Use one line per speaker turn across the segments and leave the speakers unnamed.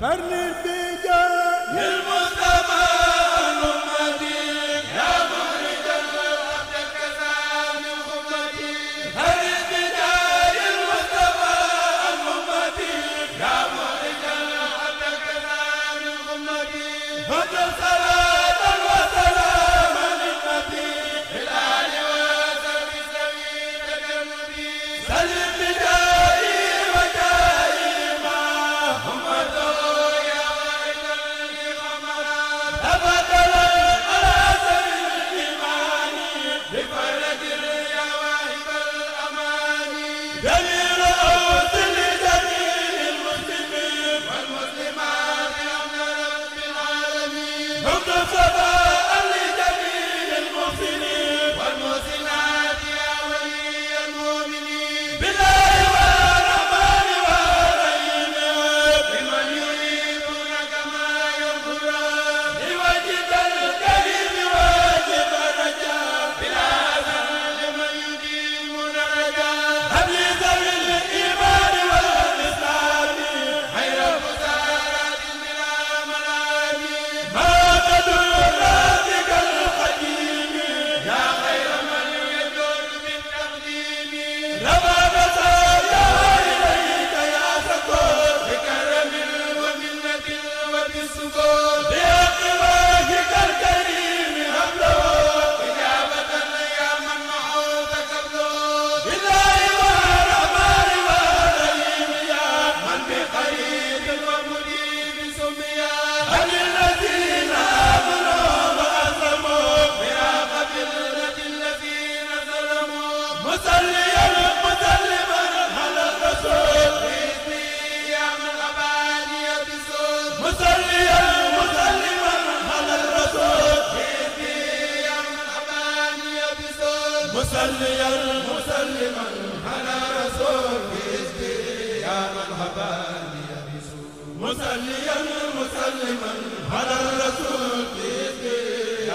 Fernir Bega Yılmaz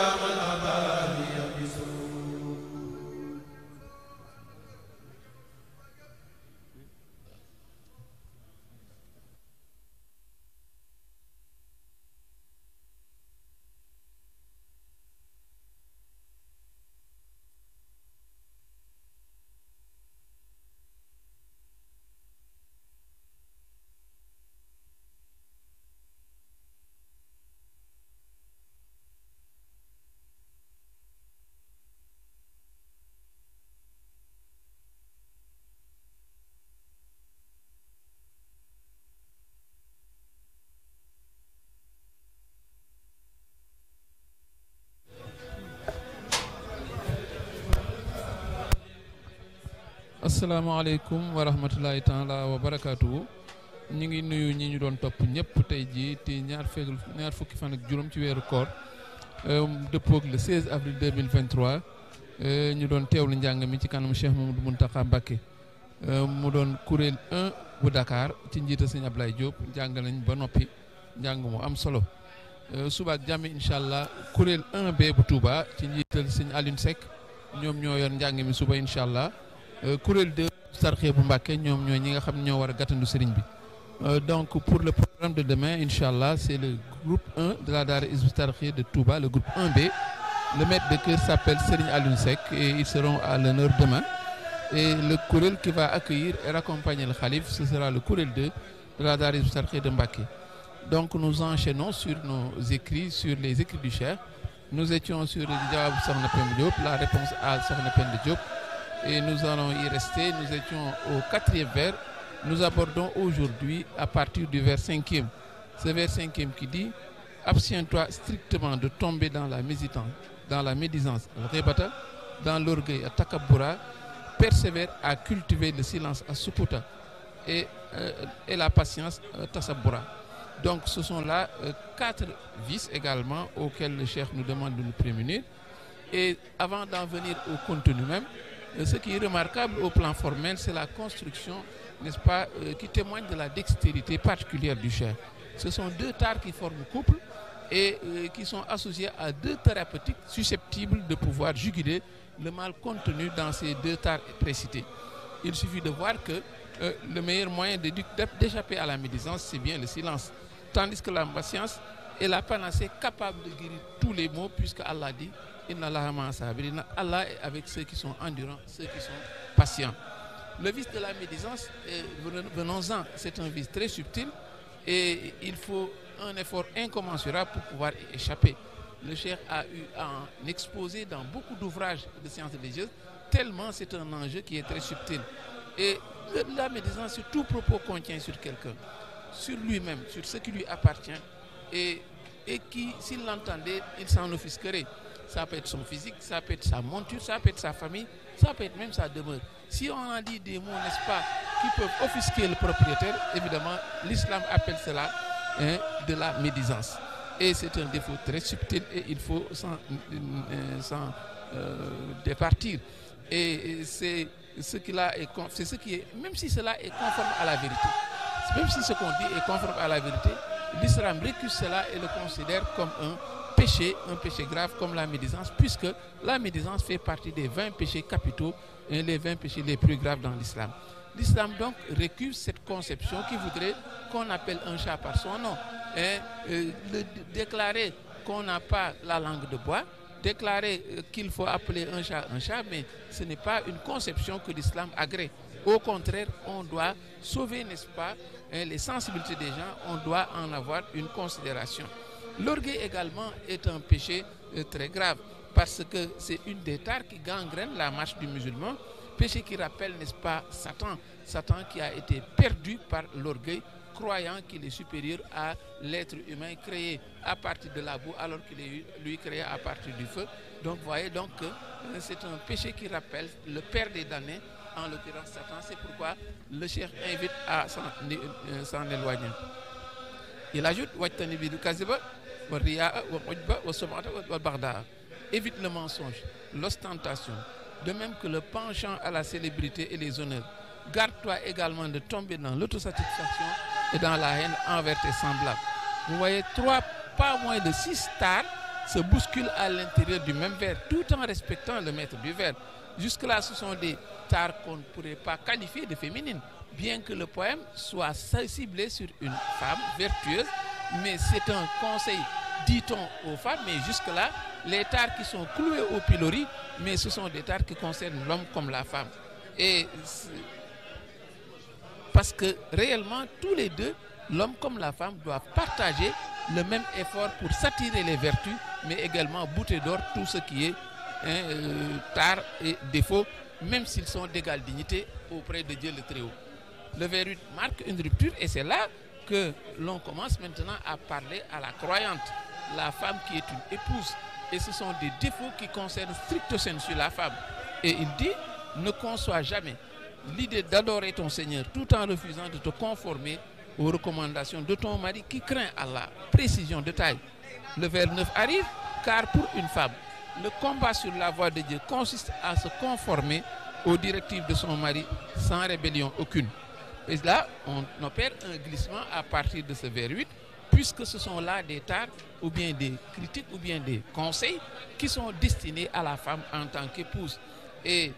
Rama
asalaamaaleykum wa rahmatulahi taala wa barakaatu ñu ngi nuyu ñi ñu doon topp ñëpp tey jii ti ñaar ñaar fukki fan ak juróom ci weeru koor um, dëppoog le 16 avril 2023 euh, ñu doon teew lu njàng mi ci kanam moom du Mamadou Mountakha Mbacké um, mu doon kuréel bu Dakar ci njiita sëñ Ablaye Diop jàng nañ ba noppi njàng mu am solo euh, suba ak jàmm incha allah kuréel 1B bu Touba ci njiital sëñ Alioune Seck ñoom ñoo yor njàng mi suba incha allah. courriel euh, de euh, donc pour le programme de demain Inshallah, c'est le groupe 1 de la Dar de Touba le groupe 1B le maître de cœur s'appelle Serigne Alunsek et ils seront à l'honneur demain et le courriel qui va accueillir et raccompagner le Khalif ce sera le courriel 2 de la Dar Hizbut de Mbake donc nous enchaînons sur nos écrits sur les écrits du Cheikh nous étions sur le Jawab à Diop la réponse à Sarnapem Diop et nous allons y rester. Nous étions au quatrième vers. Nous abordons aujourd'hui à partir du vers cinquième. Ce vers cinquième qui dit Abstiens-toi strictement de tomber dans la médisance, dans la médisance, dans l'orgueil, takabura, persévère à cultiver le silence, à et, euh, et la patience, euh, tasabura. Donc ce sont là euh, quatre vices également auxquels le chef nous demande de nous prémunir. Et avant d'en venir au contenu même, euh, ce qui est remarquable au plan formel, c'est la construction, n'est-ce pas, euh, qui témoigne de la dextérité particulière du chef. Ce sont deux tares qui forment couple et euh, qui sont associés à deux thérapeutiques susceptibles de pouvoir juguler le mal contenu dans ces deux tares précités. Il suffit de voir que le meilleur moyen d'échapper à la médisance, c'est bien le silence. Tandis que la patience est la panacée capable de guérir tous les maux, puisque Allah dit Allah est avec ceux qui sont endurants, ceux qui sont patients. Le vice de la médisance, euh, venons-en, c'est un vice très subtil et il faut un effort incommensurable pour pouvoir échapper. Le cher a eu à en exposer dans beaucoup d'ouvrages de sciences religieuses, tellement c'est un enjeu qui est très subtil. Et la médisance, sur tout propos qu'on tient sur quelqu'un, sur lui-même, sur ce qui lui appartient, et, et qui, s'il l'entendait, il s'en offusquerait ça peut être son physique, ça peut être sa monture, ça peut être sa famille, ça peut être même sa demeure. Si on en dit des mots, n'est-ce pas, qui peuvent offusquer le propriétaire, évidemment, l'islam appelle cela hein, de la médisance. Et c'est un défaut très subtil et il faut s'en euh, euh, départir. Et c'est ce, qui est, ce qui est, même si cela est conforme à la vérité, même si ce qu'on dit est conforme à la vérité, l'islam récuse cela et le considère comme un un péché grave comme la médisance, puisque la médisance fait partie des 20 péchés capitaux et les 20 péchés les plus graves dans l'islam. L'islam donc récuse cette conception qui voudrait qu'on appelle un chat par son nom et hein, euh, déclarer qu'on n'a pas la langue de bois, déclarer euh, qu'il faut appeler un chat un chat, mais ce n'est pas une conception que l'islam agrée. Au contraire, on doit sauver, n'est-ce pas, hein, les sensibilités des gens, on doit en avoir une considération. L'orgueil également est un péché euh, très grave parce que c'est une des tares qui gangrène la marche du musulman. Péché qui rappelle, n'est-ce pas, Satan. Satan qui a été perdu par l'orgueil, croyant qu'il est supérieur à l'être humain créé à partir de la boue, alors qu'il est lui créé à partir du feu. Donc, voyez donc euh, c'est un péché qui rappelle le père des damnés, en l'occurrence Satan. C'est pourquoi le cher invite à euh, s'en éloigner. Il ajoute, évite le mensonge l'ostentation de même que le penchant à la célébrité et les honneurs garde-toi également de tomber dans l'autosatisfaction et dans la haine envers tes semblables vous voyez trois pas moins de six stars se bousculent à l'intérieur du même verre tout en respectant le maître du verre jusque-là ce sont des stars qu'on ne pourrait pas qualifier de féminines bien que le poème soit ciblé sur une femme vertueuse mais c'est un conseil dit-on aux femmes, mais jusque-là, les tares qui sont clouées au pilori, mais ce sont des tares qui concernent l'homme comme la femme. Et parce que réellement, tous les deux, l'homme comme la femme, doivent partager le même effort pour s'attirer les vertus, mais également bouter d'or tout ce qui est hein, un euh, tard et défaut, même s'ils sont d'égale dignité auprès de Dieu le Très-Haut. Le verrut marque une rupture et c'est là que l'on commence maintenant à parler à la croyante la femme qui est une épouse. Et ce sont des défauts qui concernent strictement sensu la femme. Et il dit, ne conçois jamais l'idée d'adorer ton Seigneur tout en refusant de te conformer aux recommandations de ton mari qui craint à la Précision de taille. Le vers 9 arrive, car pour une femme, le combat sur la voie de Dieu consiste à se conformer aux directives de son mari sans rébellion aucune. Et là, on opère un glissement à partir de ce vers 8 puisque ce sont là des tâches ou bien des critiques ou bien des conseils qui sont destinés à la femme en tant qu'épouse. Et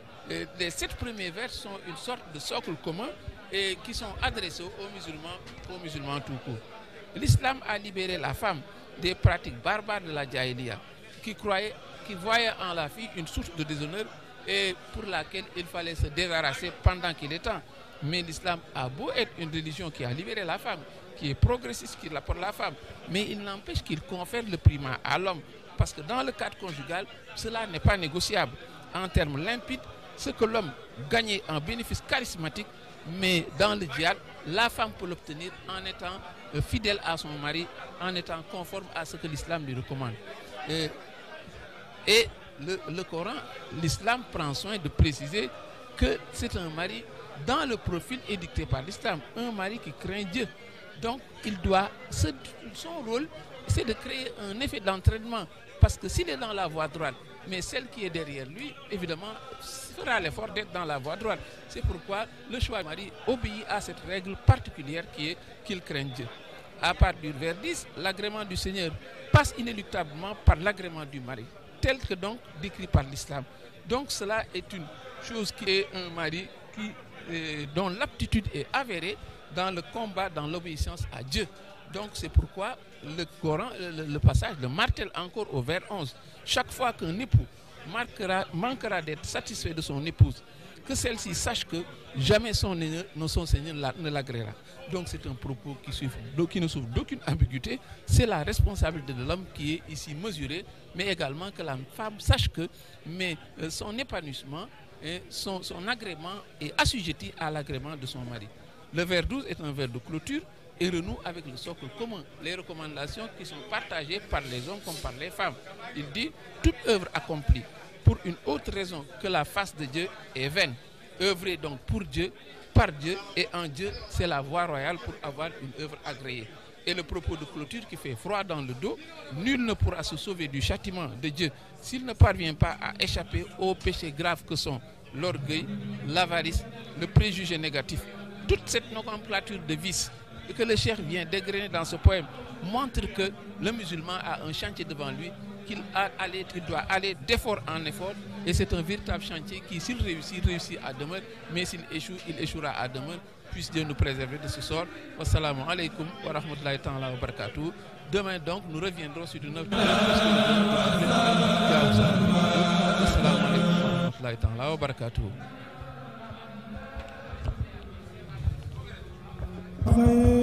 les sept premiers vers sont une sorte de socle commun et qui sont adressés aux musulmans, aux musulmans tout court. L'islam a libéré la femme des pratiques barbares de la jahiliya, qui, croyait, qui voyait en la fille une source de déshonneur et pour laquelle il fallait se débarrasser pendant qu'il est temps. Mais l'islam a beau être une religion qui a libéré la femme, qui est progressiste, qui l'apporte la femme. Mais il n'empêche qu'il confère le primat à l'homme. Parce que dans le cadre conjugal, cela n'est pas négociable. En termes limpides, ce que l'homme gagnait en bénéfice charismatique, mais dans le diable, la femme peut l'obtenir en étant euh, fidèle à son mari, en étant conforme à ce que l'islam lui recommande. Euh, et, le, Coran, l'islam prend soin de préciser que c'est un mari dans le profil édicté par l'islam, un mari qui craint Dieu, donc, il doit, son rôle, c'est de créer un effet d'entraînement. Parce que s'il est dans la voie droite, mais celle qui est derrière lui, évidemment, fera l'effort d'être dans la voie droite. C'est pourquoi le choix du mari obéit à cette règle particulière qui est qu'il craigne Dieu. À part du vers 10, l'agrément du Seigneur passe inéluctablement par l'agrément du mari, tel que donc décrit par l'islam. Donc cela est une chose qui est un mari qui, euh, dont l'aptitude est avérée dans le combat, dans l'obéissance à Dieu. Donc c'est pourquoi le, Coran, le, passage le Martel encore au vers 11. Chaque fois qu'un époux manquera d'être satisfait de son épouse, que celle-ci sache que jamais son, son Seigneur ne l'agréera. Donc c'est un propos qui, Donc qui ne souffre d'aucune ambiguïté. C'est la responsabilité de l'homme qui est ici mesurée, mais également que la femme sache que mais, euh, son épanouissement, hein, son agrément est assujetti à l'agrément de son mari. Le verre 12 est un verre de clôture et renoue avec le socle commun, les recommandations qui sont partagées par les hommes comme par les femmes. Il dit toute œuvre accomplie pour une autre raison que la face de Dieu est vaine. Œuvrer donc pour Dieu, par Dieu et en Dieu, c'est la voie royale pour avoir une œuvre agréée. Et le propos de clôture qui fait froid dans le dos, nul ne pourra se sauver du châtiment de Dieu s'il ne parvient pas à échapper aux péchés graves que sont l'orgueil, l'avarice, le préjugé négatif, toute cette nomenclature de vices que le chef vient dégrainer dans ce poème montre que le musulman a un chantier devant lui, qu'il doit aller d'effort en effort, et c'est un véritable chantier qui, s'il réussit, réussit à demeurer. mais s'il échoue, il échouera à demeurer, Puisse Dieu nous préserver de ce sort. Wassalamu alaikum wa rahmatullahi wa barakatuh. Demain donc, nous reviendrons sur une autre. Wassalamu alaikum wa rahmatullahi wa barakatuh.
欢迎。